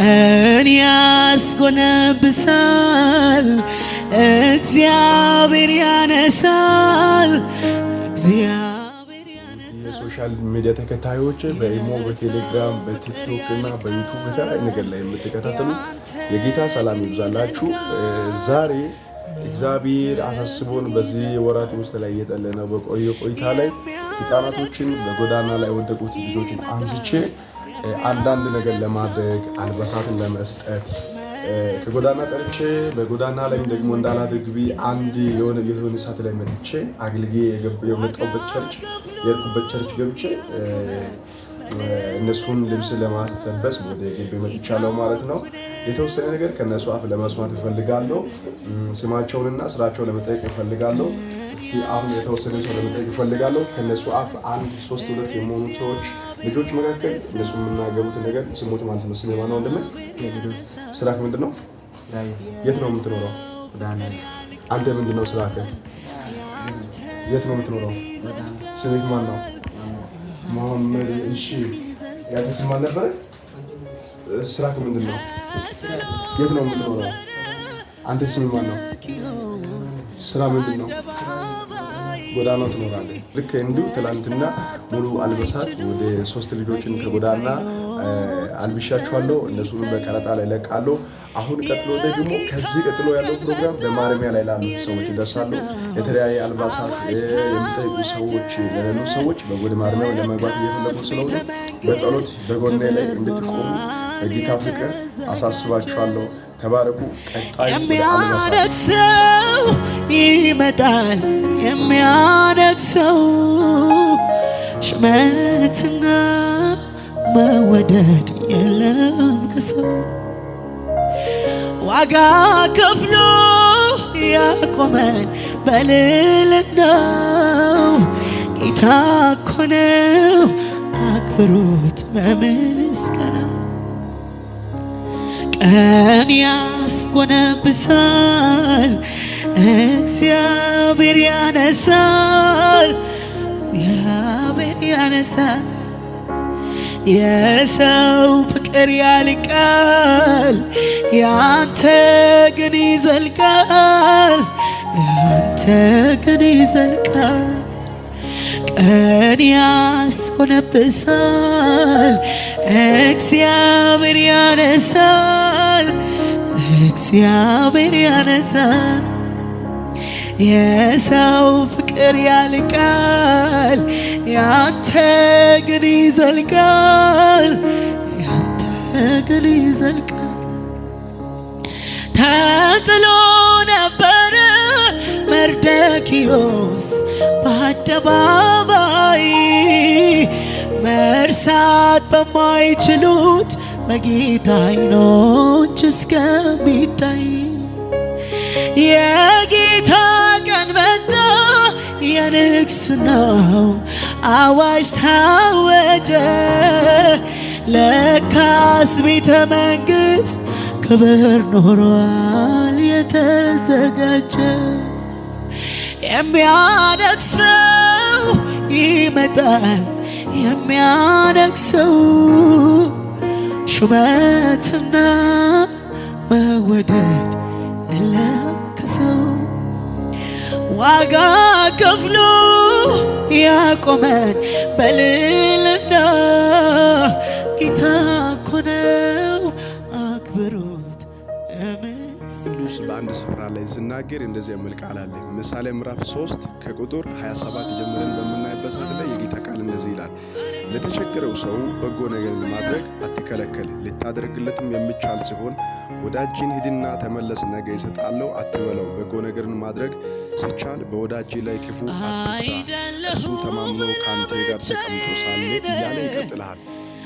ቀን ያስጎነብሳል፣ እግዚአብሔር ያነሳል። ሶሻል ሚዲያ ተከታዮች በኢሞ በቴሌግራም በቲክቶክ እና በዩቱብ በተለያዩ ነገር ላይ የምትከታተሉ የጌታ ሰላም ይብዛላችሁ። ዛሬ እግዚአብሔር አሳስቦን በዚህ ወራት ውስጥ ላይ እየጠለነው በቆየ ቆይታ ላይ ሕፃናቶችን በጎዳና ላይ ወደቁት ልጆችን አንስቼ አንዳንድ ነገር ለማድረግ አልባሳትን ለመስጠት ከጎዳና ጠርቼ በጎዳና ላይም ደግሞ እንዳላደግቢ አንድ የሆነ የሆነ ሰዓት ላይ መጥቼ አግልጌ የመጣሁበት ቸርች የሄድኩበት ቸርች ገብቼ እነሱን ልብስ ለማተበስ ወደ ግቢ መጥቻለሁ ማለት ነው። የተወሰነ ነገር ከእነሱ አፍ ለመስማት እፈልጋለሁ። ስማቸውንና ስራቸውን ለመጠየቅ እፈልጋለሁ። እስኪ አሁን የተወሰነ ሰው ለመጠየቅ እፈልጋለሁ። ከእነሱ አፍ አንድ ሶስት ሁለት የመሆኑ ሰዎች ልጆች መካከል እነሱ የምናገሩት ነገር ስሙት ማለት ነው። ስለ ማነው ወንድምህ? ስራህ ምንድን ነው? የት ነው የምትኖረው? አንተ ምንድን ነው ስራህ? የት ነው የምትኖረው? ስሜት ማን ነው? መሐመድ። እሺ፣ ያንተ ስም አልነበረ? ስራህ ምንድን ነው? የት ነው የምትኖረው? አንተ ስም ማን ነው? ስራ ምንድን ነው? ጎዳና ትኖራለህ። ልክ እንዲሁ ትላንትና ሙሉ አልበሳት ወደ ሶስት ልጆችን ከጎዳና አልብሻችኋለሁ። እነሱንም በቀረጣ ላይ ለቃለሁ። አሁን ቀጥሎ ደግሞ ከዚህ ቀጥሎ ያለው ፕሮግራም በማረሚያ ላይ ላሉ ሰዎች ይደርሳሉ። የተለያየ አልባሳት የሚጠይቁ ሰዎች ለሌሉ ሰዎች ወደ ማረሚያ ለመግባት እየፈለጉ ስለሆነ በጸሎት በጎኔ ላይ እንድትቆሙ በጌታ ፍቅር አሳስባችኋለሁ። ተባረኩ። የሚያደግ ሰው ይመጣል። የሚያደግ ሰው ሽመትና መወደድ የለም ከሰው ዋጋ ከፍሎ ያቆመን በልልናው ጌታ ኮነው አክብሮት በምስጋና ቀን ያስጎነብሳል፣ እግዚአብሔር ያነሳል፣ እግዚአብሔር ያነሳል። የሰው ፍቅር ያልቃል፣ ያንተ ግን ይዘልቃል፣ ያንተ ግን ይዘልቃል። እኔ ያስጎነብሳል፣ እግዚአብሔር ያነሳል፣ እግዚአብሔር ያነሳል። የሰው ፍቅር ያልቃል፣ ያንተ ግን ይዘልቃል፣ ያንተ ግን ይዘልቃል። ተጥሎ ነበረ መርደኪዮስ አደባባይ መርሳት በማይችሉት በጌታ አይኖች እስከሚታይ የጌታ ቀን መጣ፣ የንግሥናው አዋጅ ታወጀ። ለካስ ቤተ መንግሥት ክብር ኖሯል የተዘጋጀ የሚያደግ ሰው ይመጣል። የሚያደግ ሰው ሹመትና መወደድ የለም ከሰው ዋጋ ከፍሎ ያቆመን በልልና ጌታ ኮነ አንድ ስፍራ ላይ ስናገር እንደዚህ የሚል ቃል አለ። ምሳሌ ምዕራፍ 3 ከቁጥር 27 ጀምረን በምናይበት ሰዓት ላይ የጌታ ቃል እንደዚህ ይላል፣ ለተቸገረው ሰው በጎ ነገር ለማድረግ አትከለከል፣ ልታደርግለትም የሚቻል ሲሆን ወዳጅን ሂድና ተመለስ፣ ነገ ይሰጣለው አትበለው። በጎ ነገርን ማድረግ ሲቻል በወዳጅ ላይ ክፉ አትስራ፣ እሱ ተማምኖ ከአንተ ጋር ተቀምጦ ሳለ እያለ ይቀጥልሃል።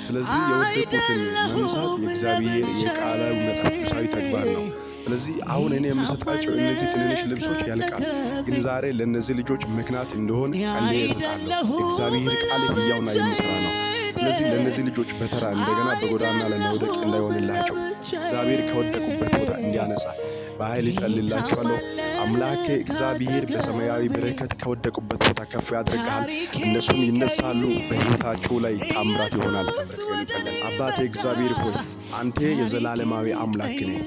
ስለዚህ የወደቁትን መንሳት የእግዚአብሔር የቃለ እውነት ቁሳዊ ተግባር ነው። ስለዚህ አሁን እኔ የምሰጣቸው እነዚህ ትንንሽ ልብሶች ያልቃል፣ ግን ዛሬ ለእነዚህ ልጆች ምክንያት እንደሆን ጸልዬ እሰጣለሁ። እግዚአብሔር ቃል ሕያውና የሚሰራ ነው። ስለዚህ ለእነዚህ ልጆች በተራ እንደገና በጎዳና ለመውደቅ እንዳይሆንላቸው እግዚአብሔር ከወደቁበት ቦታ እንዲያነሳ በኃይል ይጸልላቸዋለሁ። አምላኬ እግዚአብሔር በሰማያዊ በረከት ከወደቁበት ቦታ ከፍ ያደርግሃል። እነሱም ይነሳሉ፣ በሕይወታቸው ላይ ታምራት ይሆናል። አባቴ እግዚአብሔር ሆይ አንተ የዘላለማዊ አምላክ ነህ።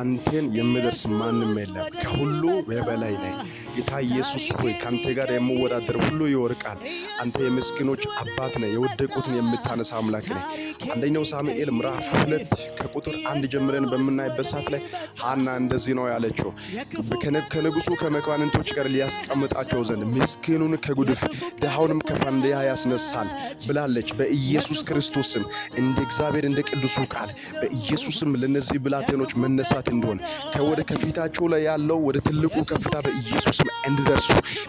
አንቴን የምደርስ ማንም የለም። ከሁሉ በበላይ ነህ ጌታ ኢየሱስ ሆይ ከአንተ ጋር የምወዳደር ሁሉ ይወርቃል። አንተ የምስኪኖች አባት ነህ፣ የወደቁትን የምታነሳ አምላክ ነህ። አንደኛው ሳሙኤል ምዕራፍ ሁለት ከቁጥር አንድ ጀምረን በምናይበት ሰዓት ላይ ሀና እንደዚህ ነው ያለችው ከንጉሱ ከመኳንንቶች ጋር ሊያስቀምጣቸው ዘንድ ምስኪኑን ከጉድፍ ድሃውንም ከፋንድያ ያስነሳል ብላለች። በኢየሱስ ክርስቶስም እንደ እግዚአብሔር እንደ ቅዱሱ ቃል በኢየሱስም ለነዚህ ብላቴኖች መነሳት መውጣት እንደሆነ ከወደ ከፊታቸው ላይ ያለው ወደ ትልቁ ከፍታ በኢየሱስም እንድደርሱ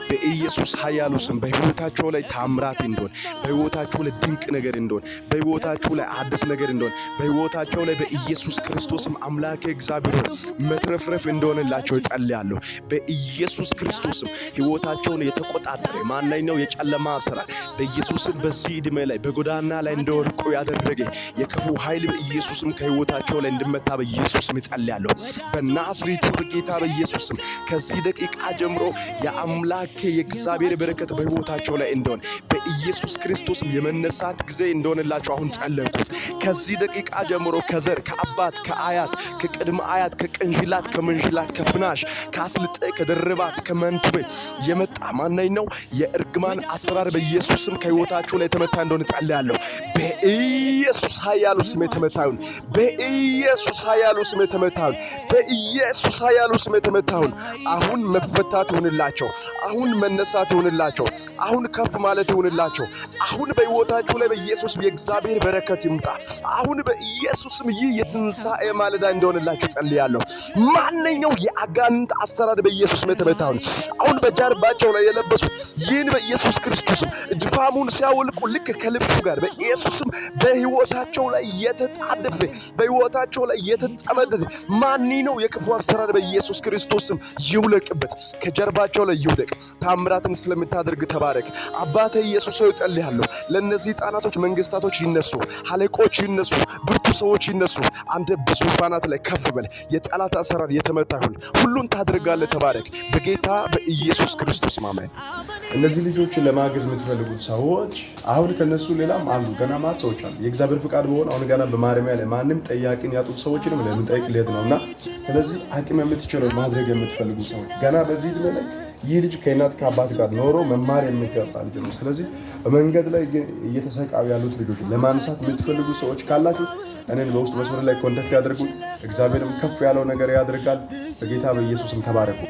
በኢየሱስ ኃያሉ ስም በህይወታቸው ላይ ታምራት እንደሆን፣ በህይወታቸው ላይ ድንቅ ነገር እንደሆን፣ በህይወታቸው ላይ አዲስ ነገር እንደሆን፣ በህይወታቸው ላይ በኢየሱስ ክርስቶስም አምላክ እግዚአብሔር መትረፍረፍ እንደሆነላቸው እጸልያለሁ። በኢየሱስ ክርስቶስም ህይወታቸውን የተቆጣጠረ ማናኝ ነው የጨለማ ስራ በኢየሱስም በዚህ ዕድሜ ላይ በጎዳና ላይ እንደወርቁ ያደረገ የክፉ ኃይል በኢየሱስም ከህይወታቸው ላይ እንድመታ በኢየሱስም እጸልያለሁ። አደርጋለሁ በናዝሬቱ በጌታ በኢየሱስም። ከዚህ ደቂቃ ጀምሮ የአምላክ የእግዚአብሔር በረከት በሕይወታቸው ላይ እንደሆን በኢየሱስ ክርስቶስም የመነሳት ጊዜ እንደሆነላቸው አሁን ጸለንኩት። ከዚህ ደቂቃ ጀምሮ ከዘር ከአባት ከአያት ከቅድመ አያት ከቅንዥላት ከመንዥላት ከፍናሽ ከአስልጠ ከደርባት ከመንቱቤ የመጣ ማናኝ ነው የእርግማን አሰራር በኢየሱስም ከሕይወታቸው ላይ የተመታ እንደሆነ ጸለያለሁ። በኢየሱስ ኃያሉ ስም የተመታዩን በኢየሱስ ኃያሉ ስም የተመታ ይሆናል። በኢየሱስ ኃያሉ ስም የተመታሁን አሁን መፈታት ይሁንላቸው። አሁን መነሳት ይሁንላቸው። አሁን ከፍ ማለት ይሁንላቸው። አሁን በሕይወታችሁ ላይ በኢየሱስ የእግዚአብሔር በረከት ይምጣ። አሁን በኢየሱስም ይህ የትንሣኤ ማለዳ እንደሆንላችሁ ጸልያለሁ። ማንኛው የአጋንንት አሰራር በኢየሱስ ስም የተመታሁን በጀርባቸው ላይ የለበሱት ይህን በኢየሱስ ክርስቶስም ድፋሙን ሲያወልቁ ልክ ከልብሱ ጋር በኢየሱስም በህይወታቸው ላይ የተጣደፈ በህይወታቸው ላይ የተጠመደደ ማኒ ነው የክፉ አሰራር በኢየሱስ ክርስቶስም ይውለቅበት፣ ከጀርባቸው ላይ ይውደቅ። ታምራትን ስለምታደርግ ተባረክ። አባተ ኢየሱስ ሰው እጸልያለሁ ለእነዚህ ህጻናቶች መንግስታቶች ይነሱ፣ አለቆች ይነሱ፣ ብርቱ ሰዎች ይነሱ። አንተ በዙፋናት ላይ ከፍ በል። የጠላት አሰራር የተመታ ይሁን። ሁሉን ታደርጋለህ። ተባረክ በጌታ በኢየ በኢየሱስ ክርስቶስ ማመን። እነዚህ ልጆችን ለማገዝ የምትፈልጉት ሰዎች አሁን ከነሱ ሌላም አሉ፣ ገና ማት ሰዎች አሉ። የእግዚአብሔር ፍቃድ በሆነ አሁን ገና በማረሚያ ላይ ማንም ጠያቂን ያጡት ሰዎችንም ለምንጠይቅ ልሄድ ነው እና ስለዚህ አቅም የምትችለው ማድረግ የምትፈልጉ ሰዎች ገና በዚህ ዕድሜ ላይ ይህ ልጅ ከእናት ከአባት ጋር ኖሮ መማር የሚገባ ልጅ ነው። ስለዚህ በመንገድ ላይ እየተሰቃዩ ያሉት ልጆች ለማንሳት የምትፈልጉ ሰዎች ካላችሁ እኔን በውስጥ መስመር ላይ ኮንተክት ያደርጉ። እግዚአብሔርም ከፍ ያለው ነገር ያደርጋል። በጌታ በኢየሱስም ተባረኩ።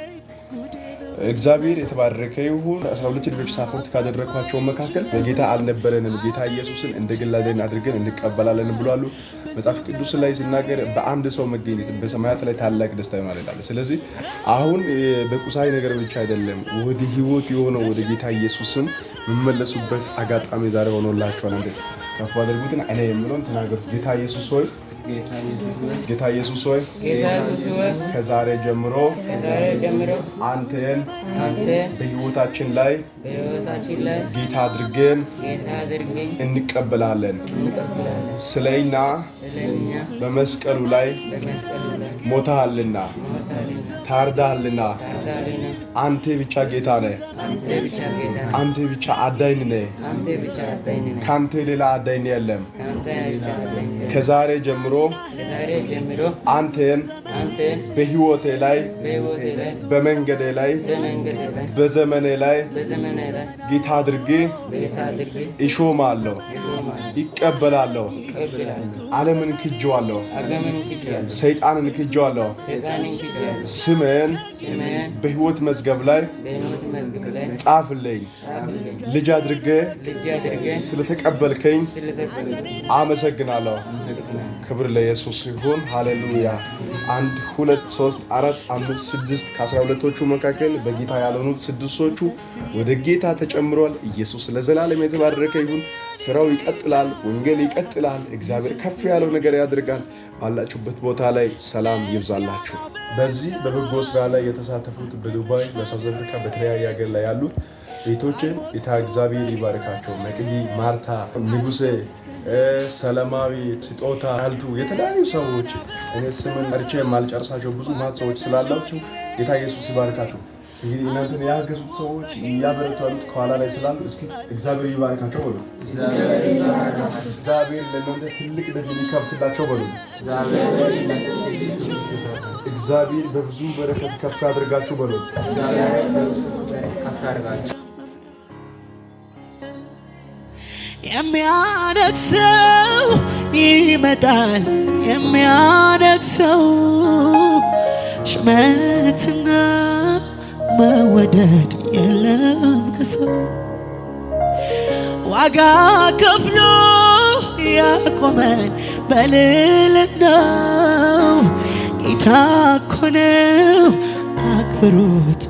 እግዚአብሔር የተባረከ ይሁን። አስራ ሁለት ልጆች ሳፖርት ካደረግኳቸው መካከል በጌታ አልነበረንም፣ ጌታ ኢየሱስን እንደ ግላደን አድርገን እንቀበላለን ብሏሉ። መጽሐፍ ቅዱስ ላይ ሲናገር በአንድ ሰው መገኘት በሰማያት ላይ ታላቅ ደስታ ይሆናል ይላል። ስለዚህ አሁን በቁሳዊ ነገር ብቻ አይደለም፣ ወደ ህይወት የሆነው ወደ ጌታ ኢየሱስም የምመለሱበት አጋጣሚ ዛሬ ሆኖላቸዋል። ከፍ አድርጉትን እኔ የምለውን ተናገሩ። ጌታ ኢየሱስ ሆይ ጌታ ኢየሱስ ሆይ ከዛሬ ጀምሮ አንተን በሕይወታችን ላይ ጌታ አድርገን እንቀበላለን። ስለኛ በመስቀሉ ላይ ሞታልና ታርዳልና አንተ ብቻ ጌታ ነህ፣ አንተ ብቻ አዳኝ ነህ። ከአንተ ሌላ አዳኝ የለም። ከዛሬ ጀምሮ አንተን በሕይወቴ ላይ፣ በመንገዴ ላይ፣ በዘመኔ ላይ ጌታ አድርጌ እሾማለሁ፣ ይቀበላለሁ። ዓለምን ክጄዋለሁ፣ ሰይጣንን ክጄዋለሁ። ስምን በሕይወት መዝ መዝገብ ላይ ጻፍልኝ። ልጅ አድርጌ ስለተቀበልከኝ አመሰግናለሁ። ክብር ለኢየሱስ ይሁን። ሃሌሉያ። አንድ ሁለት ሶስት አራት አምስት ስድስት ከአስራ ሁለቶቹ መካከል በጌታ ያልሆኑት ስድስቶቹ ወደ ጌታ ተጨምሯል። ኢየሱስ ለዘላለም የተባረከ ይሁን። ስራው ይቀጥላል። ወንጌል ይቀጥላል። እግዚአብሔር ከፍ ያለው ነገር ያደርጋል። ባላችሁበት ቦታ ላይ ሰላም ይብዛላችሁ። በዚህ በበጎ ስራ ላይ የተሳተፉት በዱባይ በሳውዝ አፍሪካ በተለያየ ሀገር ላይ ያሉት ቤቶችን ጌታ እግዚአብሔር ይባርካቸው። መቅዲ፣ ማርታ፣ ንጉሴ፣ ሰላማዊ፣ ስጦታ፣ አልቱ የተለያዩ ሰዎች እኔ ስምን ጠርቼ የማልጨርሳቸው ብዙ ማት ሰዎች ስላላችሁ ጌታ ኢየሱስ ይባርካቸው። እንግዲህ እናንተን ያገዙት ሰዎች እያበረቱ ያሉት ከኋላ ላይ ስላሉ እስኪ እግዚአብሔር ይባርካቸው ብሎ እግዚአብሔር ለእናንተ ትልቅ ደጅ ሊከፍትላቸው በሉ። እግዚአብሔር በብዙ በረከት ከፍ ያድርጋችሁ በሉ። የሚያነግሰው ይመጣል። የሚያነግሰው ሽመትና መወደድ የለም ከሰው ዋጋ ከፍሎ ያቆመን በልልናው ጌታ እኮ ነው አክብሮት